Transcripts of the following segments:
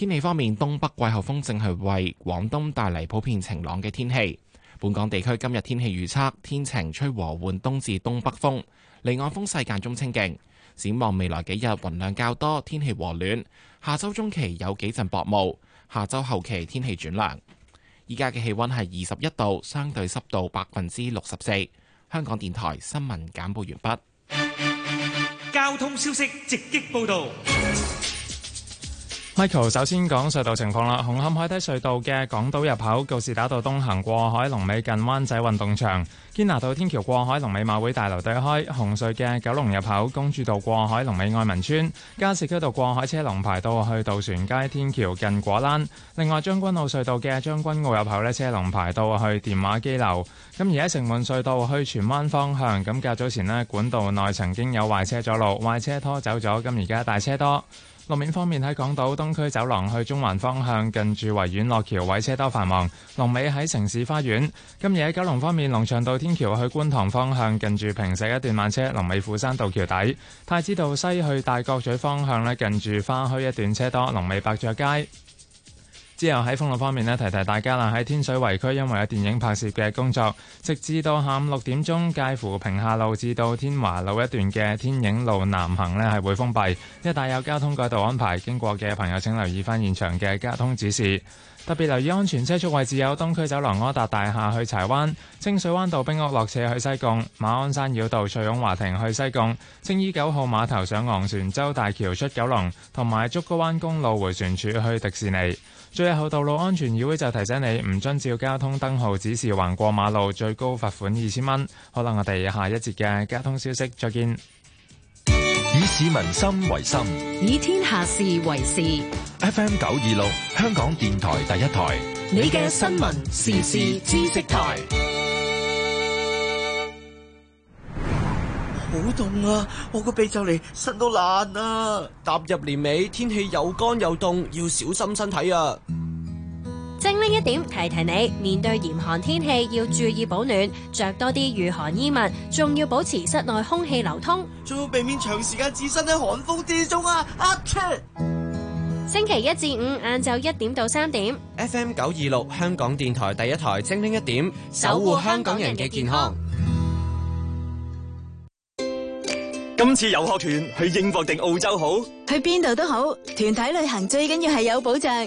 天氣方面，東北季候風正係為廣東帶嚟普遍晴朗嘅天氣。本港地區今日天氣預測天晴，吹和緩東至東北風，離岸風勢間中清勁。展望未來幾日，雲量較多，天氣和暖。下周中期有幾陣薄霧，下周後期天氣轉涼。依家嘅氣溫係二十一度，相對濕度百分之六十四。香港電台新聞簡報完畢。交通消息直擊報道。Michael 首先講隧道情況啦。紅磡海底隧道嘅港島入口告士打道東行過海龍尾近灣仔運動場；堅拿道天橋過海龍尾馬會大樓對開；紅隧嘅九龍入口公主道過海龍尾愛民村；加士居道過海車龍排到去渡船街天橋近果欄。另外將軍澳隧道嘅將軍澳入口呢，車龍排到去電話機樓。咁而家城門隧道去荃灣方向，咁較早前呢，管道內曾經有壞車阻路，壞車拖走咗，咁而家大車多。路面方面喺港島東區走廊去中環方向，近住維園落橋位車多繁忙；龍尾喺城市花園。今日喺九龍方面，龍翔道天橋去觀塘方向，近住平石一段慢車；龍尾斧山道橋底。太子道西去大角咀方向呢，近住花墟一段車多，龍尾白丈街。之後喺封路方面呢，提提大家啦。喺天水圍區，因為有電影拍攝嘅工作，直至到下午六點鐘，介乎平下路至到天華路一段嘅天影路南行呢係會封閉，一帶有交通改道安排。經過嘅朋友，請留意翻現場嘅交通指示。特別留意安全車速位置，有東區走廊柯達大廈去柴灣、清水灣道冰屋落斜去西貢、馬鞍山繞道翠擁華庭去西貢、青衣九號碼頭上昂船洲大橋出九龍，同埋竹篙灣公路迴旋處去迪士尼。最後，道路安全議會就提醒你，唔遵照交通燈號指示橫過馬路，最高罰款二千蚊。可能我哋下一節嘅交通消息再見。以民心為心，以天下事為事。FM 九二六，香港電台第一台，你嘅新聞時事知識台。好凍啊！我個鼻就嚟塞到爛啊。踏入年尾，天氣又乾又凍，要小心身體啊！精靈一點提提你，面對嚴寒天氣要注意保暖，着多啲御寒衣物，仲要保持室內空氣流通，仲要避免長時間置身喺寒風之中啊！啊 s 星期一至五晏晝一點到三點，FM 九二六，香港電台第一台，精靈一點，守護香港人嘅健康。健康今次遊學團去英國定澳洲好？去邊度都好，團體旅行最緊要係有保障。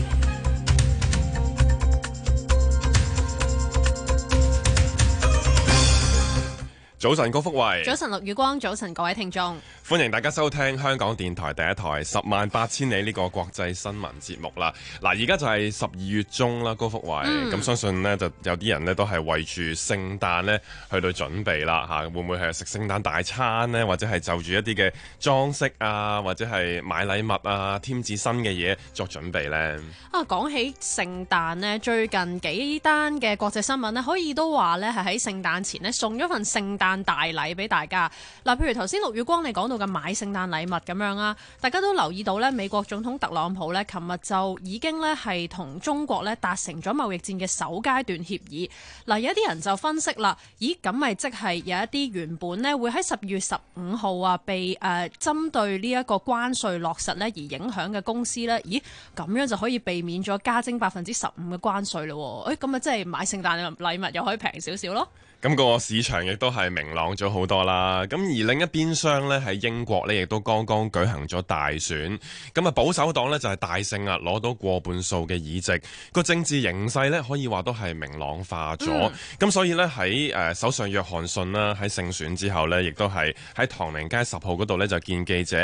早晨，郭福維。早晨，陸宇光。早晨，各位聽眾。歡迎大家收聽香港電台第一台《十萬八千里》呢個國際新聞節目啦！嗱，而家就係十二月中啦，高福偉咁、嗯、相信咧，就有啲人咧都係為住聖誕咧去到準備啦吓，會唔會係食聖誕大餐咧，或者係就住一啲嘅裝飾啊，或者係買禮物啊、添置新嘅嘢作準備咧？啊，講起聖誕咧，最近幾單嘅國際新聞咧，可以都話咧係喺聖誕前咧送咗份聖誕大禮俾大家。嗱、啊，譬如頭先陸月光你講到。買聖誕禮物，咁樣啦，大家都留意到咧，美國總統特朗普咧，琴日就已經咧係同中國咧達成咗貿易戰嘅首階段協議。嗱，有啲人就分析啦，咦，咁咪即係有一啲原本咧會喺十月十五號啊被誒針對呢一個關稅落實咧而影響嘅公司咧，咦，咁樣就可以避免咗加徵百分之十五嘅關稅咯？誒，咁啊，即係買聖誕禮物又可以平少少咯。咁個市場亦都係明朗咗好多啦，咁而另一邊廂呢，喺英國呢亦都剛剛舉行咗大選，咁啊保守黨呢，就係大勝啊，攞到過半數嘅議席，個政治形勢呢，可以話都係明朗化咗，咁所以呢，喺首相約翰遜啦喺勝選之後呢，亦都係喺唐寧街十號嗰度呢，就見記者，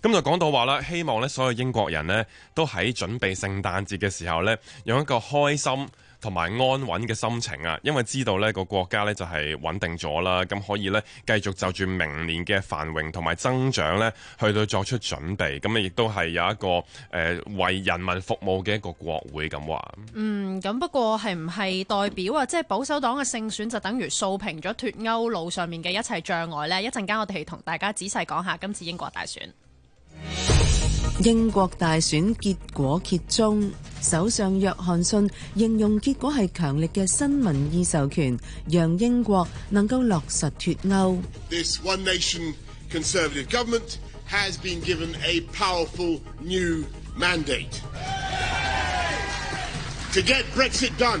咁就講到話啦，希望呢所有英國人呢，都喺準備聖誕節嘅時候呢，用一個開心同埋安穩嘅心情啊，因為知道呢個國家呢就係穩定咗啦，咁可以呢，繼續就住明年嘅繁榮同埋增長呢，去到作出準備。咁啊，亦都係有一個誒為人民服務嘅一個國會咁話。嗯，咁不過係唔係代表啊？即係保守黨嘅勝選就等於掃平咗脫歐路上面嘅一切障礙呢？一陣間我哋同大家仔細講下今次英國大選。英國大選結果揭盅，首相約翰遜形容結果係強力嘅新民意授權，讓英國能夠落實脫歐。This one nation conservative government has been given a powerful new mandate to get Brexit done.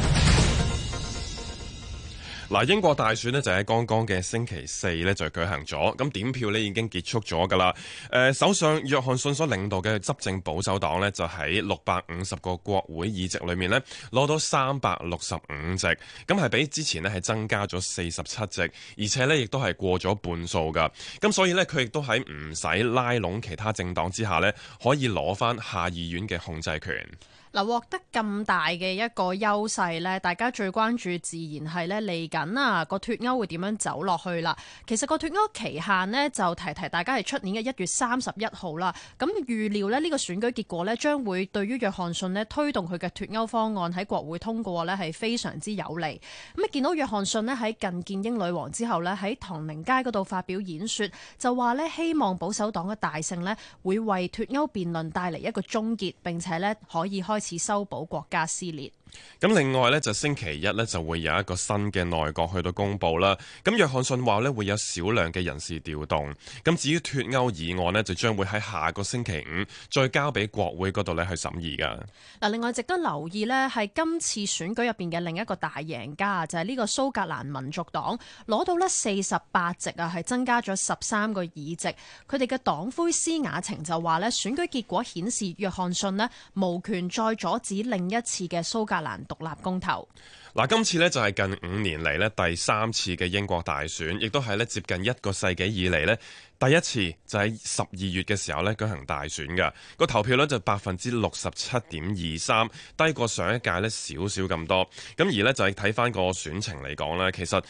嗱，英國大選呢就喺剛剛嘅星期四呢就舉行咗，咁點票呢已經結束咗噶啦。呃，首相約翰遜所領導嘅執政保守黨呢就喺六百五十個國會議席裏面呢攞到三百六十五席，咁係比之前呢係增加咗四十七席，而且呢亦都係過咗半數噶。咁所以呢，佢亦都喺唔使拉攏其他政黨之下呢可以攞翻下議院嘅控制權。嗱，獲得咁大嘅一個優勢咧，大家最關注自然係咧嚟緊啊個脱歐會點樣走落去啦。其實個脱歐期限咧就提提大家係出年嘅一月三十一號啦。咁預料咧呢個選舉結果咧將會對於約翰遜咧推動佢嘅脱歐方案喺國會通過咧係非常之有利。咁啊見到約翰遜咧喺近見英女王之後咧喺唐寧街嗰度發表演説，就話咧希望保守黨嘅大勝咧會為脱歐辯論帶嚟一個終結，並且咧可以開。始修補國家撕裂。咁另外呢，就星期一呢，就會有一個新嘅內閣去到公布啦。咁約翰遜話呢，會有少量嘅人事調動。咁至於脫歐議案呢，就將會喺下個星期五再交俾國會嗰度呢去審議噶。嗱，另外值得留意呢，係今次選舉入邊嘅另一個大贏家啊，就係呢個蘇格蘭民族黨攞到呢四十八席啊，係增加咗十三個議席。佢哋嘅黨魁施雅晴就話呢，選舉結果顯示約翰遜呢，無權再阻止另一次嘅蘇格。蘭獨立公投。嗱，今次呢就係近五年嚟，呢第三次嘅英國大選，亦都係呢接近一個世紀以嚟，呢第一次，就喺十二月嘅時候呢舉行大選㗎，個投票率就百分之六十七點二三，低過上一屆呢少少咁多。咁而呢，就係睇翻個選情嚟講呢，其實。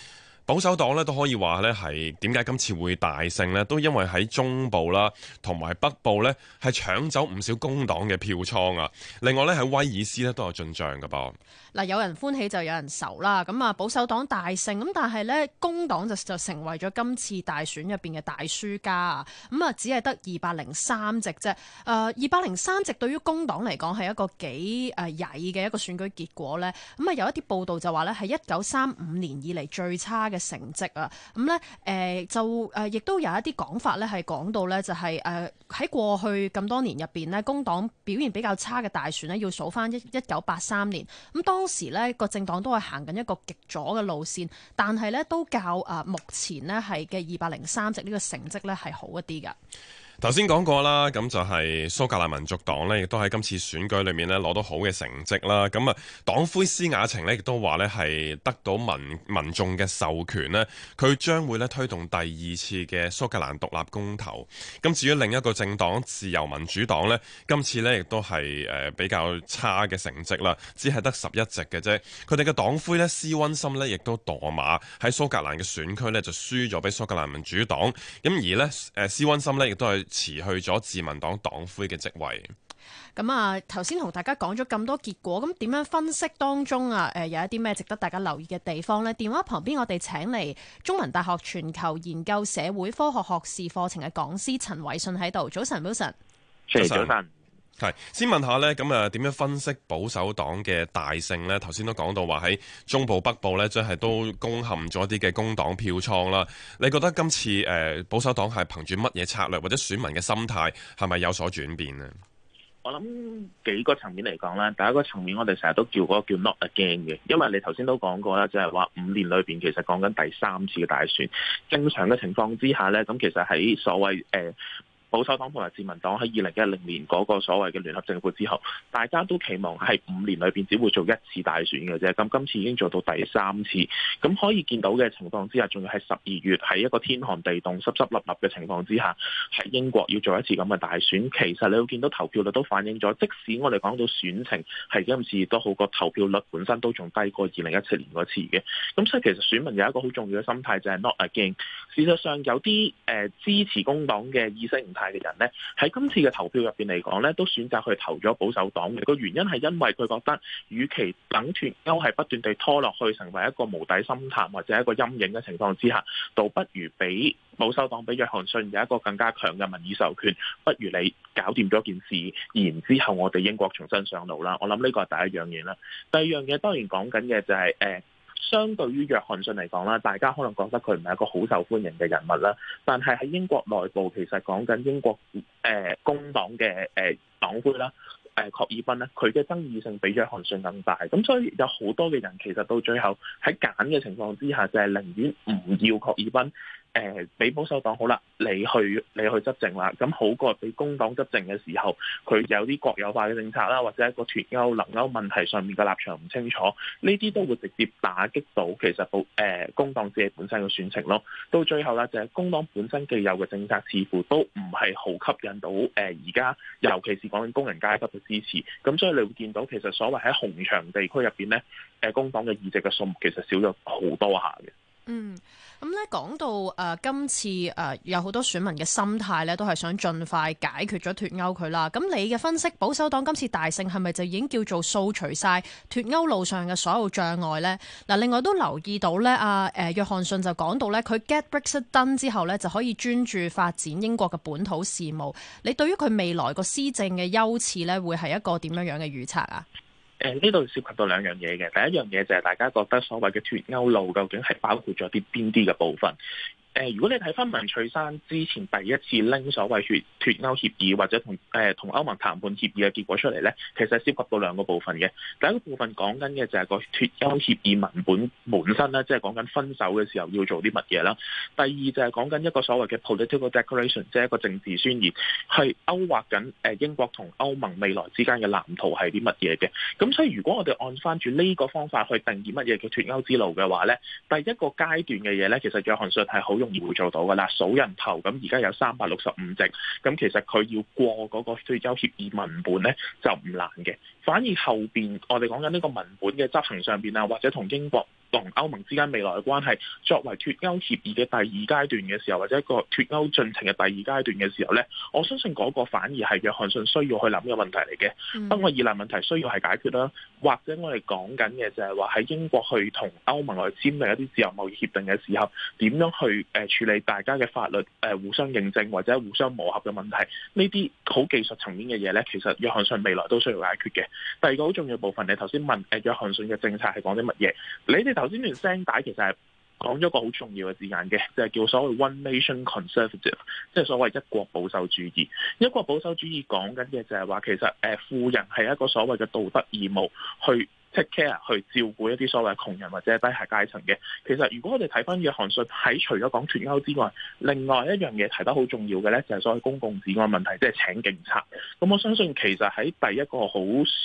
保守黨呢都可以話呢係點解今次會大勝呢？都因為喺中部啦，同埋北部呢係搶走唔少工黨嘅票倉啊！另外呢，喺威爾斯呢都有進帳㗎噃。嗱，有人歡喜就有人愁啦。咁啊，保守黨大勝，咁但係呢，工黨就就成為咗今次大選入邊嘅大輸家啊。咁啊，只係得二百零三席啫。誒，二百零三席對於工黨嚟講係一個幾誒曳嘅一個選舉結果呢。咁啊，有一啲報道就話呢係一九三五年以嚟最差嘅成績啊。咁呢，誒就誒亦都有一啲講法呢係講到呢，就係誒喺過去咁多年入邊呢，工黨表現比較差嘅大選呢要數翻一一九八三年咁當。當時咧個政黨都係行緊一個極左嘅路線，但係咧都較啊，目前呢係嘅二百零三席呢個成績咧係好一啲㗎。頭先講過啦，咁就係蘇格蘭民族黨呢，亦都喺今次選舉裏面呢攞到好嘅成績啦。咁啊，黨魁施雅晴呢，亦都話呢係得到民民眾嘅授權呢佢將會呢推動第二次嘅蘇格蘭獨立公投。咁至於另一個政黨自由民主黨呢，今次呢亦都係、呃、比較差嘅成績啦，只係得十一席嘅啫。佢哋嘅黨魁呢，斯溫森呢，亦都墮馬喺蘇格蘭嘅選區呢，就輸咗俾蘇格蘭民主黨。咁而呢，呃、斯溫森呢，亦都係。辭去咗自民黨黨魁嘅職位。咁啊，頭先同大家講咗咁多結果，咁點樣分析當中啊？誒、呃，有一啲咩值得大家留意嘅地方呢？電話旁邊我哋請嚟中文大學全球研究社會科學學士課程嘅講師陳偉信喺度。早晨，早晨安。早係，先問下咧，咁啊點樣分析保守黨嘅大勝咧？頭先都講到話喺中部北部咧，即係都攻陷咗啲嘅工黨票倉啦。你覺得今次誒、呃、保守黨係憑住乜嘢策略，或者選民嘅心態係咪有所轉變呢？我諗幾個層面嚟講咧，第一個層面我哋成日都叫嗰個叫 Not Again 嘅，因為你頭先都講過啦，就係話五年裏邊其實講緊第三次嘅大選，正常嘅情況之下咧，咁其實喺所謂誒。呃保守黨同埋自民黨喺二零一零年嗰個所謂嘅聯合政府之後，大家都期望係五年裏面只會做一次大選嘅啫。咁今次已經做到第三次，咁可以見到嘅情況之下，仲要係十二月喺一個天寒地凍、濕濕立立嘅情況之下，喺英國要做一次咁嘅大選。其實你會見到投票率都反映咗，即使我哋講到選情係幾咁熱都好，個投票率本身都仲低過二零一七年嗰次嘅。咁所以其實選民有一個好重要嘅心態就係 not again。事實上有啲、呃、支持工黨嘅意識唔同嘅人咧，喺今次嘅投票入邊嚟講咧，都選擇去投咗保守黨嘅個原因係因為佢覺得，與其等脫歐係不斷地拖落去，成為一個無底深潭或者一個陰影嘅情況之下，倒不如俾保守黨俾約翰遜有一個更加強嘅民意授權，不如你搞掂咗件事，然之後我哋英國重新上路啦。我諗呢個係第一樣嘢啦，第二樣嘢當然講緊嘅就係、是、誒。相對於約翰遜嚟講啦，大家可能覺得佢唔係一個好受歡迎嘅人物啦，但係喺英國內部其實講緊英國誒、呃、工黨嘅誒黨魁啦，誒郝爾彬咧，佢嘅爭議性比約翰遜更大，咁所以有好多嘅人其實到最後喺揀嘅情況之下就是寧願不，就係寧願唔要郝爾彬。誒，俾保守黨好啦，你去你去執政啦，咁好過俾工黨執政嘅時候，佢有啲國有化嘅政策啦，或者一個脱歐、留歐問題上面嘅立場唔清楚，呢啲都會直接打擊到其實保誒工黨自己本身嘅選情咯。到最後咧，就係、是、工黨本身既有嘅政策似乎都唔係好吸引到誒而家，尤其是講緊工人階級嘅支持。咁所以你會見到其實所謂喺紅牆地區入邊呢，誒工黨嘅議席嘅數目其實少咗好多下嘅。嗯。咁呢講到誒、呃、今次誒、呃、有好多選民嘅心態呢都係想盡快解決咗脫歐佢啦。咁你嘅分析，保守黨今次大勝係咪就已經叫做掃除晒脫歐路上嘅所有障礙呢？嗱，另外都留意到呢，阿誒約翰遜就講到呢，佢 get Brexit done 之後呢，就可以專注發展英國嘅本土事務。你對於佢未來個施政嘅優次呢，會係一個點樣樣嘅預測啊？誒，呢度涉及到兩樣嘢嘅，第一樣嘢就係大家覺得所謂嘅脫歐路究竟係包括咗啲邊啲嘅部分。誒，如果你睇翻文翠山之前第一次拎所謂脱脱歐協議或者同誒同歐盟談判協議嘅結果出嚟咧，其實是涉及到兩個部分嘅。第一個部分講緊嘅就係個脱歐協議文本本身咧，即係講緊分手嘅時候要做啲乜嘢啦。第二就係講緊一個所謂嘅 political declaration，即係一個政治宣言，去勾畫緊英國同歐盟未來之間嘅藍圖係啲乜嘢嘅。咁所以如果我哋按翻住呢個方法去定義乜嘢叫脱歐之路嘅話咧，第一個階段嘅嘢咧，其實約翰遜係好容易會做到噶啦，數人頭咁，而家有三百六十五席，咁其實佢要過嗰個脱歐協議文本呢，就唔難嘅。反而後邊我哋講緊呢個文本嘅執行上邊啊，或者同英國。同歐盟之間未來嘅關係，作為脱歐協議嘅第二階段嘅時候，或者一個脱歐進程嘅第二階段嘅時候呢，我相信嗰個反而係約翰遜需要去諗嘅問題嚟嘅。北愛爾蘭問題需要係解決啦，或者我哋講緊嘅就係話喺英國去同歐盟去簽嘅一啲自由貿易協定嘅時候，點樣去處理大家嘅法律互相認證或者互相磨合嘅問題？呢啲好技術層面嘅嘢呢，其實約翰遜未來都需要解決嘅。第二個好重要部分，你頭先問約翰遜嘅政策係講啲乜嘢？你哋。頭先段聲帶其實係講咗個好重要嘅字眼嘅，就係、是、叫所謂 One Nation Conservative，即係所謂一國保守主義。一國保守主義講緊嘅就係話，其實誒富人係一個所謂嘅道德義務去 take care 去照顧一啲所謂窮人或者低下階層嘅。其實如果我哋睇翻約翰遜，喺除咗講脱歐之外，另外一樣嘢提得好重要嘅咧，就係、是、所謂公共治安問題，即、就、係、是、請警察。咁我相信其實喺第一個好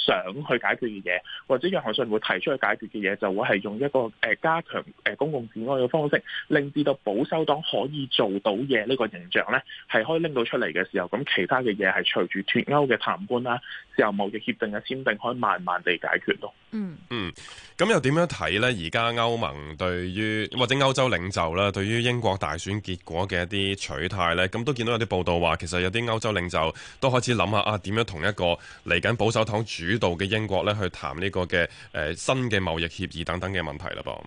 想去解決嘅嘢，或者約翰遜會提出去解決嘅嘢，就會係用一個誒加強誒公共治安嘅方式，令至到保守黨可以做到嘢呢個形象咧，係可以拎到出嚟嘅時候，咁其他嘅嘢係隨住脱歐嘅談判啦，自由貿易協定嘅簽訂，可以慢慢地解決咯。嗯，咁又點樣睇呢？而家歐盟對於或者歐洲領袖咧，對於英國大選結果嘅一啲取態呢，咁都見到有啲報道話，其實有啲歐洲領袖都開始諗下啊，點樣同一個嚟緊保守黨主導嘅英國呢去談呢個嘅誒、呃、新嘅貿易協議等等嘅問題啦噃。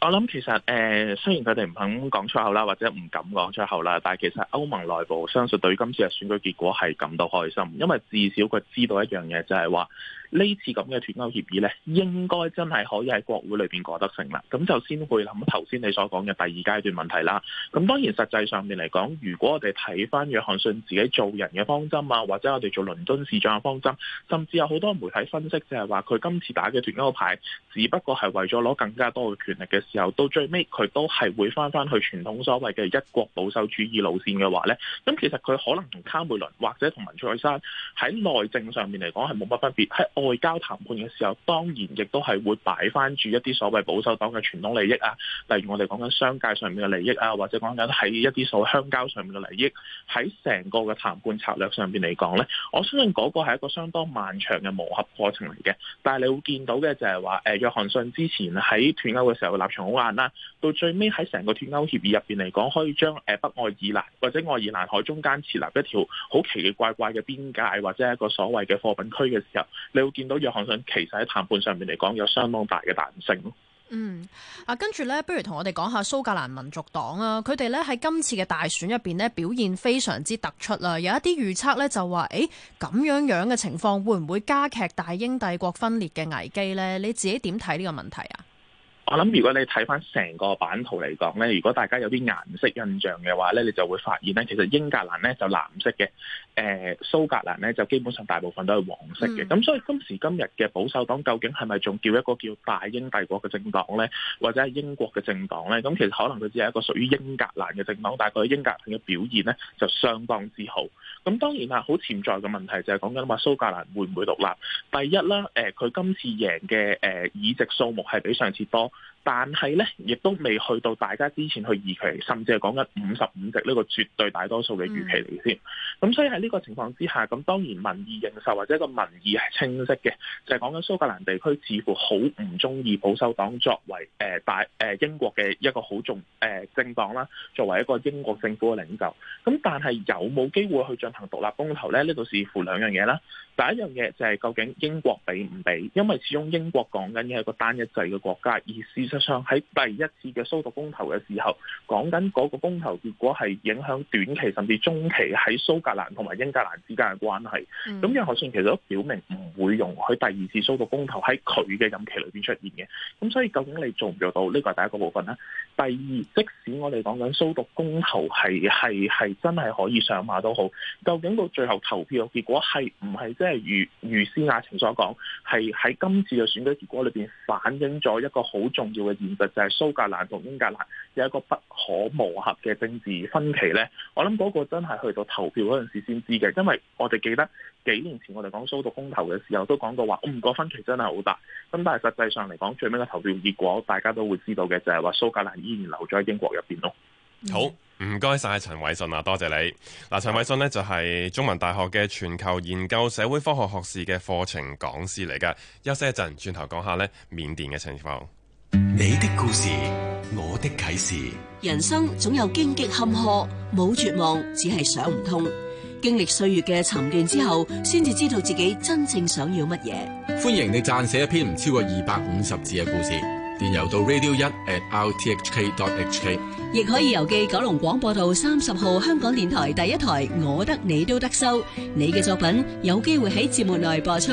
我諗其實誒、呃，雖然佢哋唔肯講出口啦，或者唔敢講出口啦，但係其實歐盟內部相信對今次嘅選舉結果係感到開心，因為至少佢知道一樣嘢就係話。呢次咁嘅脱歐協議呢，應該真係可以喺國會裏面過得成啦，咁就先會諗頭先你所講嘅第二階段問題啦。咁當然實際上面嚟講，如果我哋睇翻約翰遜自己做人嘅方針啊，或者我哋做倫敦市長嘅方針，甚至有好多媒體分析就係話佢今次打嘅脱歐牌，只不過係為咗攞更加多嘅權力嘅時候，到最尾佢都係會翻翻去傳統所謂嘅一國保守主義路線嘅話呢。咁其實佢可能同卡梅倫或者同文翠山喺內政上面嚟講係冇乜分別，外交談判嘅時候，當然亦都係會擺翻住一啲所謂保守黨嘅傳統利益啊，例如我哋講緊商界上面嘅利益啊，或者講緊喺一啲所謂鄉郊上面嘅利益。喺成個嘅談判策略上面嚟講呢，我相信嗰個係一個相當漫長嘅磨合過程嚟嘅。但係你會見到嘅就係話，約翰遜之前喺斷歐嘅時候立場好硬啦、啊，到最尾喺成個斷歐協議入面嚟講，可以將北愛爾蘭或者愛爾蘭海中間設立一條好奇奇怪怪嘅邊界，或者一個所謂嘅貨品區嘅時候，你，要見到約翰遜其實喺談判上面嚟講有相當大嘅彈性咯。嗯，啊跟住咧，不如同我哋講下蘇格蘭民族黨啊，佢哋咧喺今次嘅大選入邊咧表現非常之突出啦，啊。有一啲預測咧就話，誒、欸、咁樣樣嘅情況會唔會加劇大英帝國分裂嘅危機咧？你自己點睇呢個問題啊？我諗如果你睇翻成個版圖嚟講呢，如果大家有啲顏色印象嘅話呢，你就會發現呢，其實英格蘭呢就藍色嘅，誒、呃、蘇格蘭呢就基本上大部分都係黃色嘅。咁、嗯、所以今時今日嘅保守黨究竟係咪仲叫一個叫大英帝國嘅政黨呢？或者係英國嘅政黨呢？咁其實可能佢只係一個屬於英格蘭嘅政黨，但係佢喺英格蘭嘅表現呢，就相當之好。咁當然啦，好潛在嘅問題，就係講緊話蘇格蘭會唔會獨立。第一啦，佢、呃、今次贏嘅誒、呃、議席數目係比上次多。但係咧，亦都未去到大家之前去預期，甚至係講緊五十五席呢、呢個絕對大多數嘅預期嚟先。咁、嗯、所以喺呢個情況之下，咁當然民意認受或者個民意係清晰嘅，就係講緊蘇格蘭地區似乎好唔中意保守黨作為誒大誒英國嘅一個好重誒、呃、政黨啦，作為一個英國政府嘅領袖。咁但係有冇機會去進行獨立公投咧？呢度視乎兩樣嘢啦。第一樣嘢就係究竟英國俾唔俾？因為始終英國講緊嘅係個單一制嘅國家，意思。上喺第一次嘅蘇獨公投嘅時候，講緊嗰個公投結果係影響短期甚至中期喺蘇格蘭同埋英格蘭之間嘅關係。咁嘅海信其實都表明唔會容許第二次蘇獨公投喺佢嘅任期裏邊出現嘅。咁所以究竟你做唔做到呢個係第一個部分咧，第二，即使我哋講緊蘇獨公投係係係真係可以上馬都好，究竟到最後投票嘅結果係唔係即係如如斯亞晴所講，係喺今次嘅選舉結果裏邊反映咗一個好重要嘅現實就係蘇格蘭同英格蘭有一個不可磨合嘅政治分歧呢，我諗嗰個真係去到投票嗰陣時先知嘅，因為我哋記得幾年前我哋講蘇獨公投嘅時候都講到話，我唔個分歧真係好大。咁但係實際上嚟講，最尾嘅投票結果大家都會知道嘅就係話蘇格蘭依然留咗喺英國入邊咯。好，唔該晒陳偉信啊，多謝你嗱。陳偉信呢，就係中文大學嘅全球研究社會科學學士嘅課程講師嚟㗎。休息一陣，轉頭講下呢，緬甸嘅情況。你的故事，我的啟示。人生總有荊棘坎坷，冇絕望，只係想唔通。經歷歲月嘅沉澱之後，先至知道自己真正想要乜嘢。歡迎你撰寫一篇唔超過二百五十字嘅故事，電郵到 radio1@rthk.hk，亦可以郵寄九龍廣播道三十號香港電台第一台。我得你都得收，你嘅作品有機會喺節目內播出。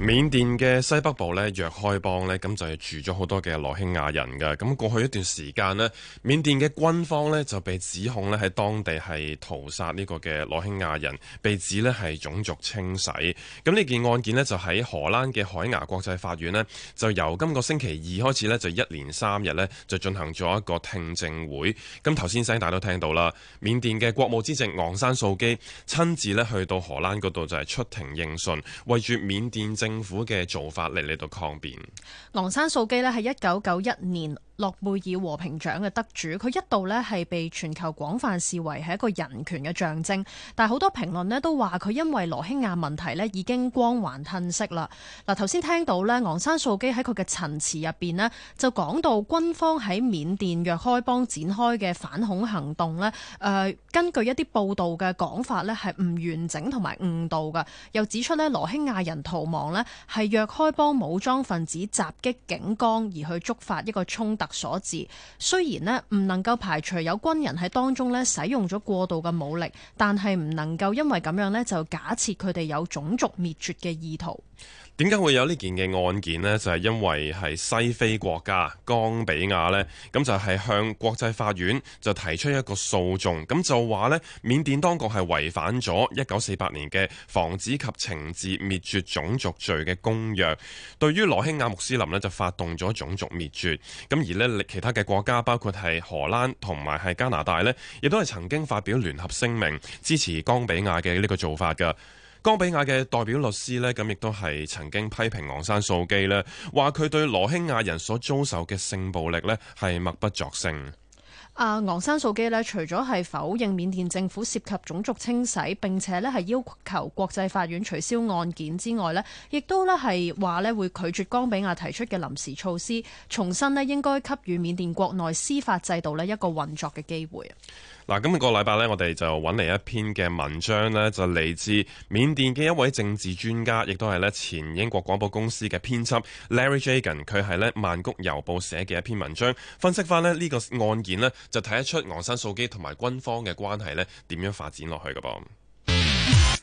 緬甸嘅西北部咧，若開邦咧，咁就係住咗好多嘅羅興亞人嘅。咁過去一段時間咧，緬甸嘅軍方咧就被指控咧喺當地係屠殺呢個嘅羅興亞人，被指咧係種族清洗。咁呢件案件咧就喺荷蘭嘅海牙國際法院咧，就由今個星期二開始咧就一連三日咧就進行咗一個聽證會。咁頭先聲大家都聽到啦，緬甸嘅國務資政昂山素姬親自咧去到荷蘭嗰度就係出庭應訊，為住緬甸政政府嘅做法嚟嚟到抗辯，昂山素姬咧，係一九九一年諾貝爾和平獎嘅得主，佢一度呢係被全球廣泛視為係一個人權嘅象徵，但係好多評論呢都話佢因為羅興亞問題呢已經光環褪色啦。嗱，頭先聽到呢昂山素姬喺佢嘅陳詞入邊呢，就講到軍方喺緬甸若開邦展開嘅反恐行動呢。誒、呃、根據一啲報道嘅講法呢，係唔完整同埋誤導嘅，又指出呢，羅興亞人逃亡呢係若開邦武裝分子襲擊警崗而去觸發一個衝突所致，雖然咧唔能夠排除有軍人喺當中呢使用咗過度嘅武力，但係唔能夠因為咁樣呢，就假設佢哋有種族滅絕嘅意圖。點解會有呢件嘅案件呢？就係因為係西非國家岡比亞呢，咁就係向國際法院就提出一個訴訟，咁就話呢，緬甸當局係違反咗一九四八年嘅防止及懲治滅絕種族罪嘅公約，對於羅興亞穆斯林呢，就發動咗種族滅絕。咁而呢，其他嘅國家包括係荷蘭同埋係加拿大呢，亦都係曾經發表聯合聲明支持岡比亞嘅呢個做法嘅。岡比亞嘅代表律師呢，咁亦都係曾經批評昂山素姬呢，話佢對羅興亞人所遭受嘅性暴力呢，係默不作聲。啊，昂山素姬呢，除咗係否認緬甸政府涉及種族清洗，並且咧係要求國際法院取消案件之外呢，亦都咧係話咧會拒絕岡比亞提出嘅臨時措施，重新咧應該給予緬甸國內司法制度呢一個運作嘅機會。嗱，今個禮拜咧，我哋就揾嚟一篇嘅文章呢，就嚟自緬甸嘅一位政治專家，亦都係咧前英國廣播公司嘅編輯 Larry Jagan，佢係咧曼谷郵報寫嘅一篇文章，分析翻呢個案件呢，就睇得出昂山素姬同埋軍方嘅關係呢點樣發展落去㗎噃。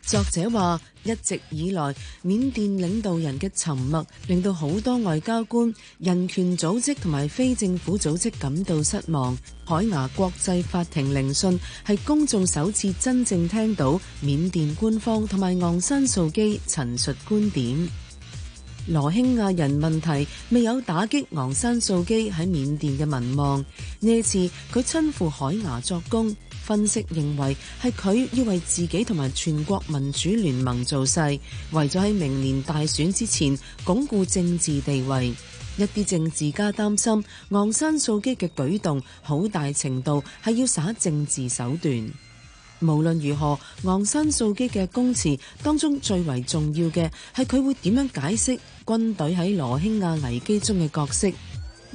作者話：一直以來，緬甸領導人嘅沉默令到好多外交官、人權組織同埋非政府組織感到失望。海牙國際法庭聆訊係公眾首次真正聽到緬甸官方同埋昂山素姬陳述觀點。羅興亞人問題未有打擊昂山素姬喺緬甸嘅民望，呢一次佢親赴海牙作供。分析認為係佢要為自己同埋全國民主聯盟做勢，為咗喺明年大選之前鞏固政治地位。一啲政治家擔心昂山素姬嘅舉動好大程度係要耍政治手段。無論如何，昂山素姬嘅公詞當中最為重要嘅係佢會點樣解釋軍隊喺羅興亞危機中嘅角色。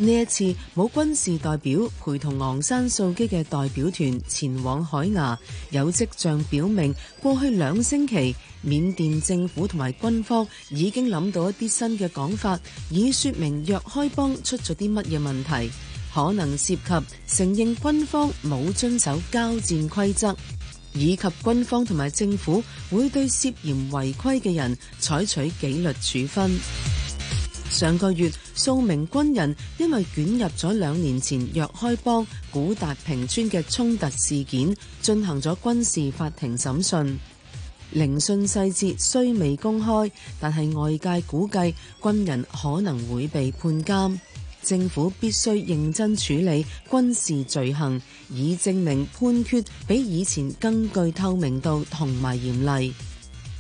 呢一次冇軍事代表陪同昂山素姬嘅代表團前往海牙，有跡象表明過去兩星期緬甸政府同埋軍方已經諗到一啲新嘅講法，以說明若開邦出咗啲乜嘢問題，可能涉及承認軍方冇遵守交戰規則，以及軍方同埋政府會對涉嫌違規嘅人採取紀律處分。上個月，數名軍人因為捲入咗兩年前若開邦古達平村嘅衝突事件，進行咗軍事法庭審訊。聆訊細節雖未公開，但係外界估計軍人可能會被判監。政府必須認真處理軍事罪行，以證明判決比以前更具透明度同埋嚴厲。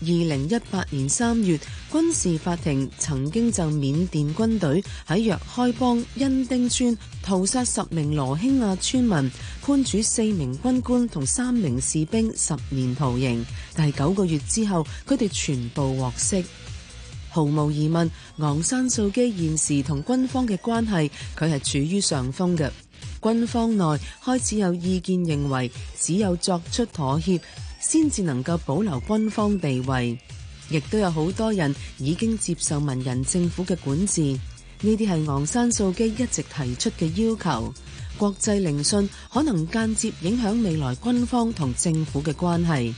二零一八年三月，軍事法庭曾經就緬甸軍隊喺若開邦恩丁村屠殺十名羅興亞村民，判處四名軍官同三名士兵十年徒刑。但係九個月之後，佢哋全部獲釋。毫無疑問，昂山素姬現時同軍方嘅關係，佢係處於上風嘅。軍方內開始有意見認為，只有作出妥協。先至能夠保留軍方地位，亦都有好多人已經接受文人政府嘅管治。呢啲係昂山素姬一直提出嘅要求。國際聆訊可能間接影響未來軍方同政府嘅關係。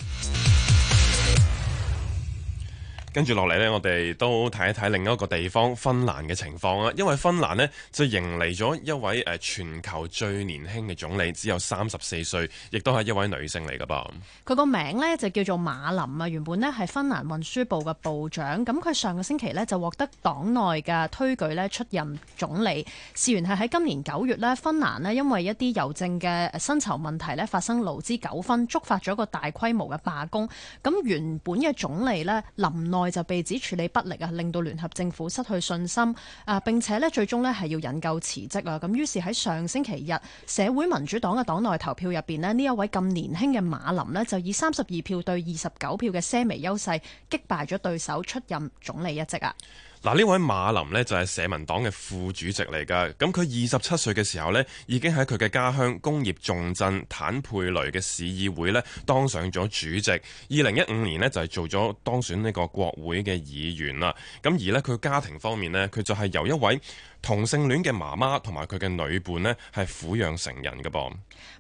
跟住落嚟咧，我哋都睇一睇另一個地方芬蘭嘅情況啊。因為芬蘭呢，就迎嚟咗一位誒全球最年輕嘅總理，只有三十四歲，亦都係一位女性嚟噶噃。佢個名呢，就叫做馬林啊。原本呢，係芬蘭運輸部嘅部長，咁佢上個星期呢，就獲得黨內嘅推舉呢，出任總理。事緣係喺今年九月呢，芬蘭呢，因為一啲郵政嘅薪酬問題呢，發生勞資糾紛，觸發咗一個大規模嘅罷工。咁原本嘅總理呢。林內。就被指處理不力啊，令到聯合政府失去信心啊，並且咧，最終咧係要引咎辭職啊。咁於是喺上星期日，社會民主黨嘅黨內投票入面，咧，呢一位咁年輕嘅馬林就以三十二票對二十九票嘅些微優勢擊敗咗對手，出任總理一職啊。嗱，呢位馬林呢就係社民黨嘅副主席嚟㗎，咁佢二十七歲嘅時候呢，已經喺佢嘅家鄉工業重鎮坦佩雷嘅市議會呢當上咗主席，二零一五年呢，就係做咗當選呢個國會嘅議員啦，咁而呢，佢家庭方面呢，佢就係由一位同性戀嘅媽媽同埋佢嘅女伴呢，係撫養成人嘅噃。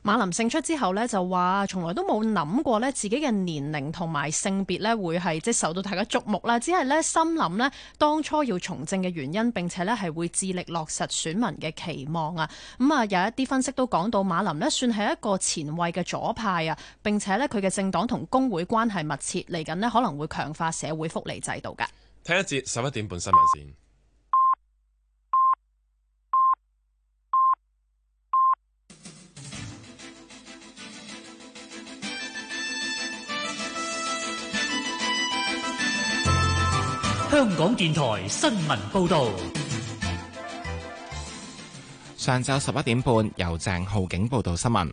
馬林勝出之後呢，就話從來都冇諗過呢，自己嘅年齡同埋性別呢，會係即受到大家矚目啦，只係呢，心諗呢，當初要從政嘅原因，並且呢係會致力落實選民嘅期望啊。咁、嗯、啊，有一啲分析都講到馬林呢，算係一個前衛嘅左派啊，並且呢，佢嘅政黨同工會關係密切，嚟緊呢可能會強化社會福利制度噶睇一節十一點半新聞先。香港電台新聞報道，上晝十一點半，由鄭浩景報道新聞。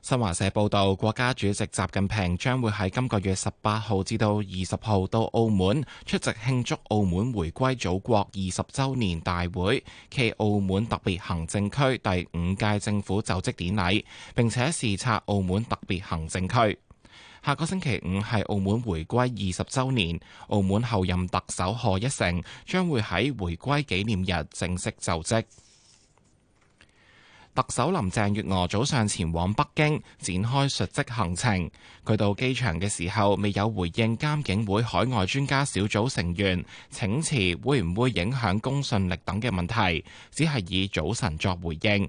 新華社報道，國家主席習近平將會喺今個月十八號至到二十號到澳門出席慶祝澳門回歸祖國二十週年大會暨澳門特別行政區第五屆政府就職典禮，並且視察澳門特別行政區。下個星期五係澳門回歸二十週年，澳門後任特首賀一誠將會喺回歸紀念日正式就職。特首林鄭月娥早上前往北京，展開述職行程。佢到機場嘅時候，未有回應監警會海外專家小組成員請辭會唔會影響公信力等嘅問題，只係以早晨作回應。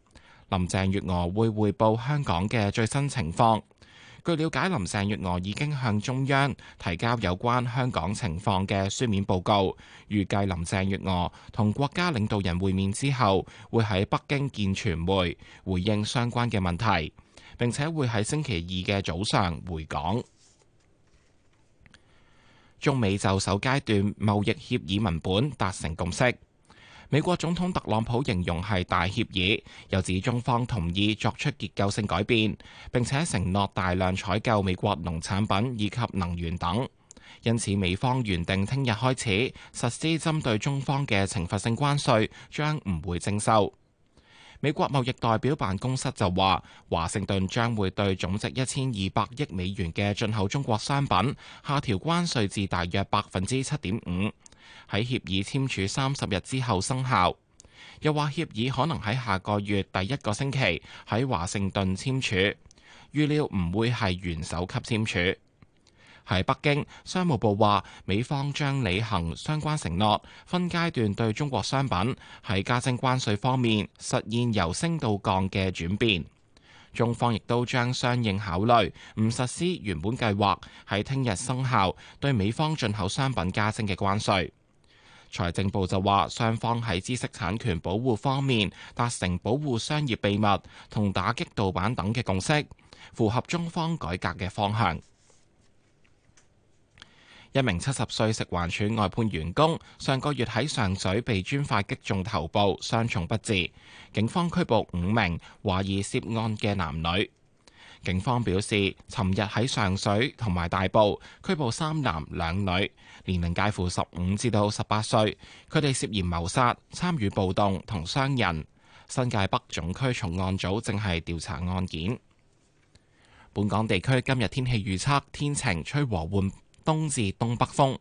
林鄭月娥會匯報香港嘅最新情況。據了解，林鄭月娥已經向中央提交有關香港情況嘅書面報告。預計林鄭月娥同國家領導人會面之後，會喺北京見傳媒，回應相關嘅問題。並且會喺星期二嘅早上回港。中美就首階段貿易協議文本達成共識。美國總統特朗普形容係大協議，又指中方同意作出結構性改變，並且承諾大量採購美國農產品以及能源等。因此，美方原定聽日開始實施針對中方嘅懲罰性關稅將唔會徵收。美國貿易代表辦公室就話，華盛頓將會對總值一千二百億美元嘅進口中國商品，下調關稅至大約百分之七點五。喺協議簽署三十日之後生效，又話協議可能喺下個月第一個星期喺華盛頓簽署，預料唔會係元首級簽署。喺北京，商務部話，美方將履行相關承諾，分階段對中國商品喺加徵關稅方面實現由升到降嘅轉變。中方亦都將相應考慮，唔實施原本計劃喺聽日生效對美方進口商品加徵嘅關稅。財政部就話雙方喺知識產權保護方面達成保護商業秘密同打擊盜版等嘅共識，符合中方改革嘅方向。一名七十歲食環署外判員工上個月喺上水被磚塊擊中頭部，傷重不治。警方拘捕五名懷疑涉案嘅男女。警方表示，尋日喺上水同埋大埔拘捕三男兩女，年齡介乎十五至到十八歲，佢哋涉嫌謀殺、參與暴動同傷人。新界北總區重案組正係調查案件。本港地區今日天氣預測天晴，吹和緩東至東北風，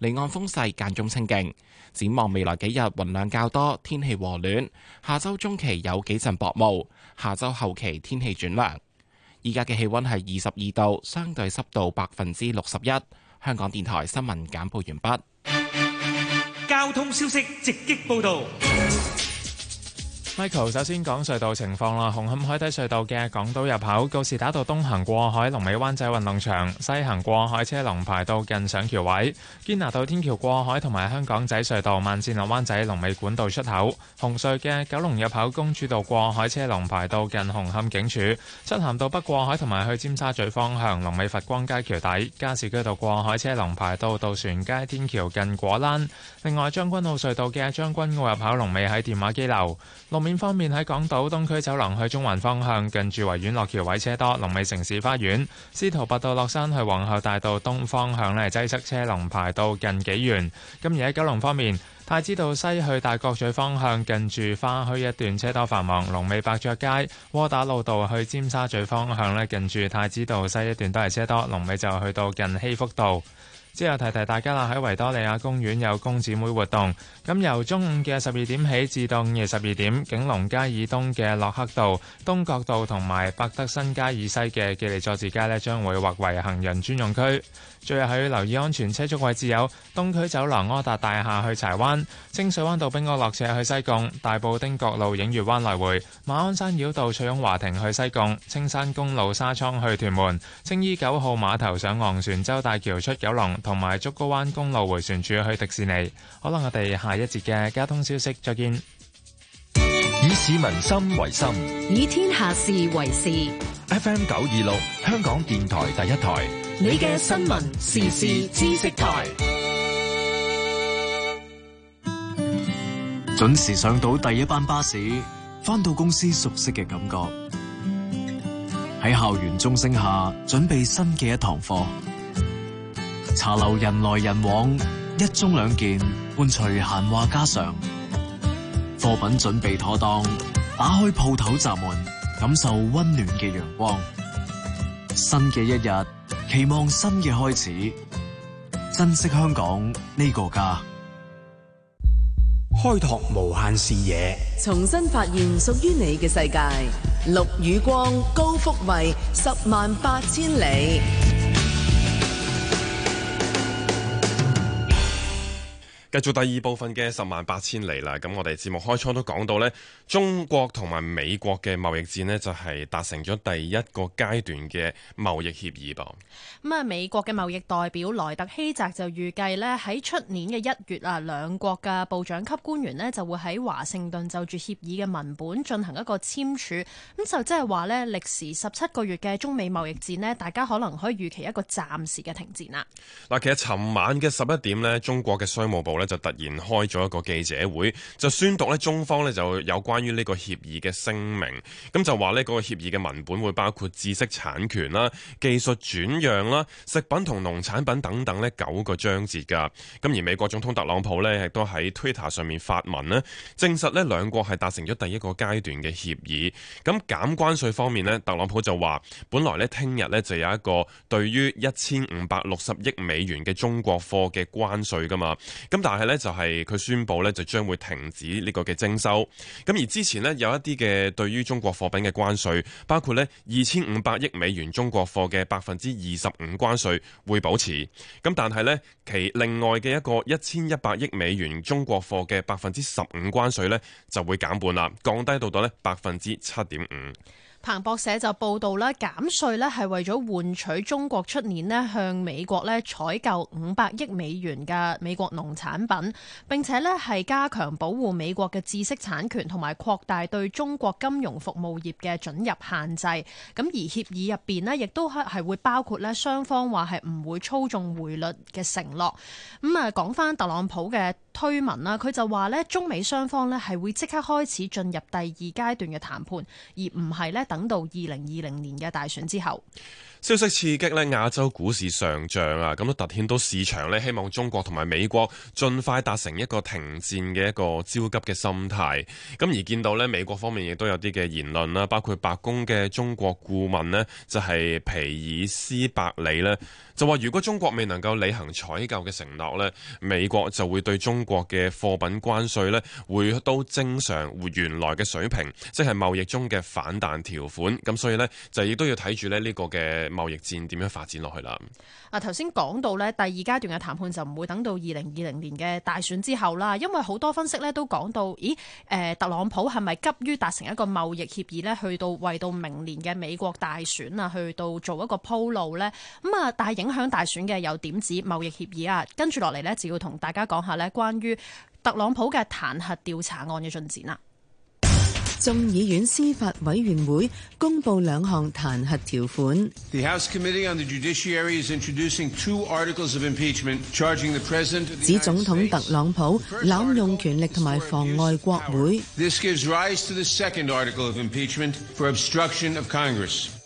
離岸風勢間中清勁。展望未來幾日雲量較多，天氣和暖。下周中期有幾陣薄霧，下周後期天氣轉涼。而家嘅氣温係二十二度，相對濕度百分之六十一。香港電台新聞簡報完畢。交通消息直擊報導。Michael 首先講隧道情況啦。紅磡海底隧道嘅港島入口告士打道東行過海，龍尾灣仔運動場；西行過海車龍排到近上橋位。堅拿道天橋過海同埋香港仔隧道慢線灣仔龍尾管道出口。紅隧嘅九龍入口公主道過海車龍排到近紅磡警署。漆咸道北過海同埋去尖沙咀方向龍尾佛光街橋底。加士居道過海車龍排道到渡船街天橋近果欄。另外將軍澳隧道嘅將軍澳入口龍尾喺電話機樓。方面喺港島東區走廊去中環方向，近住維園落橋位車多；龍尾城市花園、司徒拔道落山去皇后大道東方向呢係擠塞，車龍排到近幾元。咁而喺九龍方面，太子道西去大角咀方向，近住花墟一段車多繁忙，龍尾白雀街窩打老道去尖沙咀方向呢近住太子道西一段都係車多，龍尾就去到近希福道。之後提提大家啦，喺維多利亞公園有公主妹活動。咁由中午嘅十二點起，至到午夜十二點，景隆街以東嘅洛克道、東角道同埋百德新街以西嘅記利佐治街呢，將會劃為行人專用區。最後可留意安全車速位置有：東區走廊柯達大廈去柴灣、清水灣道兵哥落斜去西貢、大埔汀角路映月灣來回、馬鞍山繞道翠擁華庭去西貢、青山公路沙倉去屯門、青衣九號碼頭上昂船洲大橋出九龍，同埋竹篙灣公路迴旋處去迪士尼。好喇，我哋下一節嘅交通消息再見。以市民心為心，以天下事為事。FM 九二六，香港電台第一台。你嘅新聞時事知識台，準時上到第一班巴士，翻到公司熟悉嘅感覺。喺校園鐘聲下，準備新嘅一堂課。茶樓人來人往，一盅兩件，伴隨閒話家常。貨品準備妥當，打開鋪頭閘門，感受溫暖嘅陽光。新嘅一日，期望新嘅開始，珍惜香港呢個家，開拓無限視野，重新發現屬於你嘅世界，陸宇光，高福慧，十萬八千里。繼續第二部分嘅十萬八千里啦，咁我哋節目開初都講到呢，中國同埋美國嘅貿易戰呢，就係達成咗第一個階段嘅貿易協議噃。咁啊，美國嘅貿易代表萊特希澤就預計呢，喺出年嘅一月啊，兩國嘅部長級官員呢，就會喺華盛頓就住協議嘅文本進行一個簽署，咁就即係話呢，歷時十七個月嘅中美貿易戰呢，大家可能可以預期一個暫時嘅停戰啦。嗱，其實尋晚嘅十一點呢，中國嘅商務部呢。就突然開咗一個記者會，就宣讀呢中方呢就有關於呢個協議嘅聲明，咁就話呢嗰個協議嘅文本會包括知識產權啦、技術轉讓啦、食品同農產品等等呢九個章節㗎。咁而美國總統特朗普呢，亦都喺 Twitter 上面發文呢，證實呢兩國係達成咗第一個階段嘅協議。咁減關稅方面呢，特朗普就話，本來呢，聽日呢，就有一個對於一千五百六十億美元嘅中國貨嘅關稅㗎嘛，咁但但係呢就係佢宣布呢就將會停止呢個嘅徵收，咁而之前呢，有一啲嘅對於中國貨品嘅關稅，包括呢二千五百億美元中國貨嘅百分之二十五關稅會保持，咁但係呢，其另外嘅一個一千一百億美元中國貨嘅百分之十五關稅呢，就會減半啦，降低到到呢百分之七點五。彭博社就報道咧，減稅咧係為咗換取中國出年咧向美國咧採購五百億美元嘅美國農產品，並且咧係加強保護美國嘅知識產權，同埋擴大對中國金融服務業嘅准入限制。咁而協議入邊咧，亦都係會包括咧雙方話係唔會操縱匯率嘅承諾。咁啊，講翻特朗普嘅。推文啦，佢就話咧中美雙方咧係會即刻開始進入第二階段嘅談判，而唔係咧等到二零二零年嘅大選之後。消息刺激咧亞洲股市上漲啊，咁都凸顯到市場咧希望中國同埋美國盡快達成一個停戰嘅一個焦急嘅心態。咁而見到咧美國方面亦都有啲嘅言論啦，包括白宮嘅中國顧問咧就係、是、皮爾斯伯里咧，就話如果中國未能夠履行採購嘅承諾呢，美國就會對中國嘅貨品關稅呢，回到正常，回原來嘅水平，即係貿易中嘅反彈條款。咁所以呢，就亦都要睇住呢呢個嘅貿易戰點樣發展落去啦。啊，頭先講到呢，第二階段嘅談判就唔會等到二零二零年嘅大選之後啦，因為好多分析呢都講到，咦、誒，特朗普係咪急於達成一個貿易協議呢？去到為到明年嘅美國大選啊，去到做一個鋪路呢？咁啊，大型影響大選嘅有點子貿易協議啊，跟住落嚟呢就要同大家講下呢關於特朗普嘅彈劾調查案嘅進展啦。眾議院司法委員會公布兩項彈劾條款，指總統特朗普濫 first 用權力同埋妨礙國會。This gives rise to the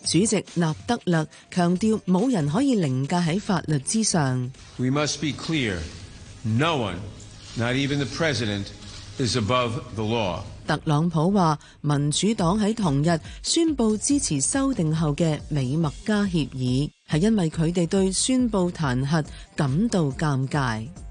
主席納德勒強調，冇人可以凌駕喺法律之上。We must be clear. No one, not even the president, is above the law. 特朗普話，民主黨喺同日宣布支持修訂後嘅美墨加協議，係因為佢哋對宣布彈劾感到尷尬。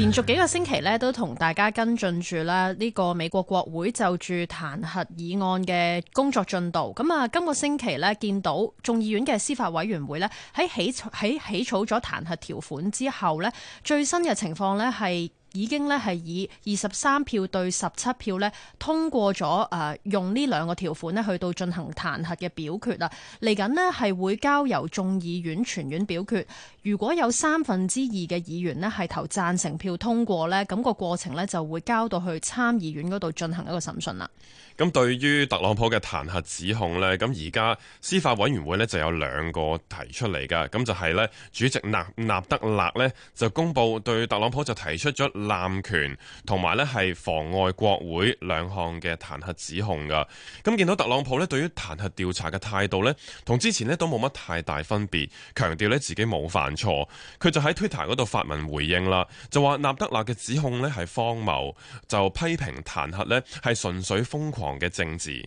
連續幾個星期咧，都同大家跟進住啦呢個美國國會就住彈劾議案嘅工作進度。咁啊，今個星期呢見到眾議院嘅司法委員會呢喺起草喺起草咗彈劾條款之後呢，最新嘅情況呢係。已經咧係以二十三票對十七票咧通過咗，誒用呢兩個條款咧去到進行彈劾嘅表決啦。嚟緊咧係會交由眾議院全院表決，如果有三分之二嘅議員咧係投贊成票通過呢，咁個過程呢就會交到去參議院嗰度進行一個審訊啦。咁對於特朗普嘅彈劾指控呢，咁而家司法委員會呢就有兩個提出嚟嘅，咁就係呢主席納納德勒呢就公布對特朗普就提出咗。濫權同埋咧係妨礙國會兩項嘅彈劾指控噶，咁見到特朗普呢對於彈劾調查嘅態度呢，同之前呢都冇乜太大分別，強調呢自己冇犯錯，佢就喺 Twitter 嗰度發文回應啦，就話納德納嘅指控呢係荒謬，就批評彈劾呢係純粹瘋狂嘅政治。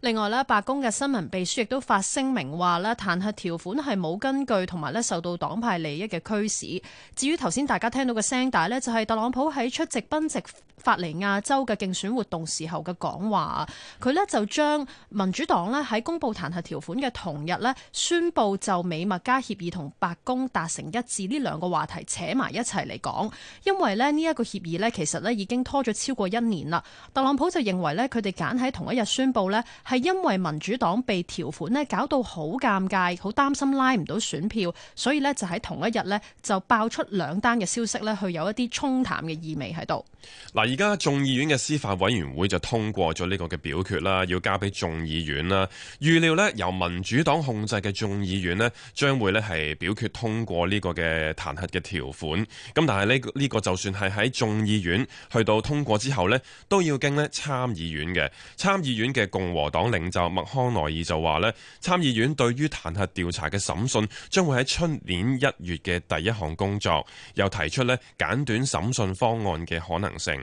另外呢，白宮嘅新聞秘書亦都發聲明話呢，彈劾條款係冇根據同埋呢受到黨派利益嘅驅使。至於頭先大家聽到嘅聲帶呢就係、是、特朗普喺出席賓夕法尼亞州嘅競選活動時候嘅講話，佢呢就將民主黨呢喺公布彈劾條款嘅同日呢宣布就美墨加協議同白宮達成一致呢兩個話題扯埋一齊嚟講，因為呢呢一個協議呢，其實呢已經拖咗超過一年啦。特朗普就認為呢佢哋揀喺同一日宣布呢。因為民主黨被條款呢搞到好尷尬，好擔心拉唔到選票，所以呢就喺同一日呢就爆出兩單嘅消息呢去有一啲沖淡嘅意味喺度。嗱，而家眾議院嘅司法委員會就通過咗呢個嘅表決啦，要交俾眾議院啦。預料呢，由民主黨控制嘅眾議院呢將會呢係表決通過呢個嘅彈劾嘅條款。咁但係呢呢個就算係喺眾議院去到通過之後呢，都要經呢參議院嘅參議院嘅共和黨。黨領袖麥康奈爾就話咧，參議院對於彈劾調查嘅審訊將會喺出年一月嘅第一項工作，又提出咧簡短審訊方案嘅可能性。